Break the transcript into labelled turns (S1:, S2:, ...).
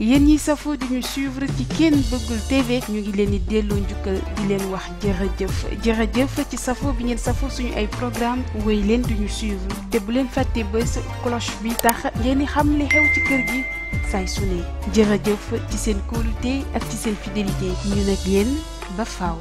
S1: yéen ñi safoo di suivre ci Ken Bëggul TV ñu ngi leen di delloo njukkal di leen wax jërëjëf jëf ci safo bi ngeen safo suñu ay programme wéy leen di ñu suivre te bu leen fàtte bés cloche bi tax ngeen di xam li xew ci kër gi saay su ne jërëjëf ci seen kóolute ak ci seen fidélité ñu nag yéen ba faaw.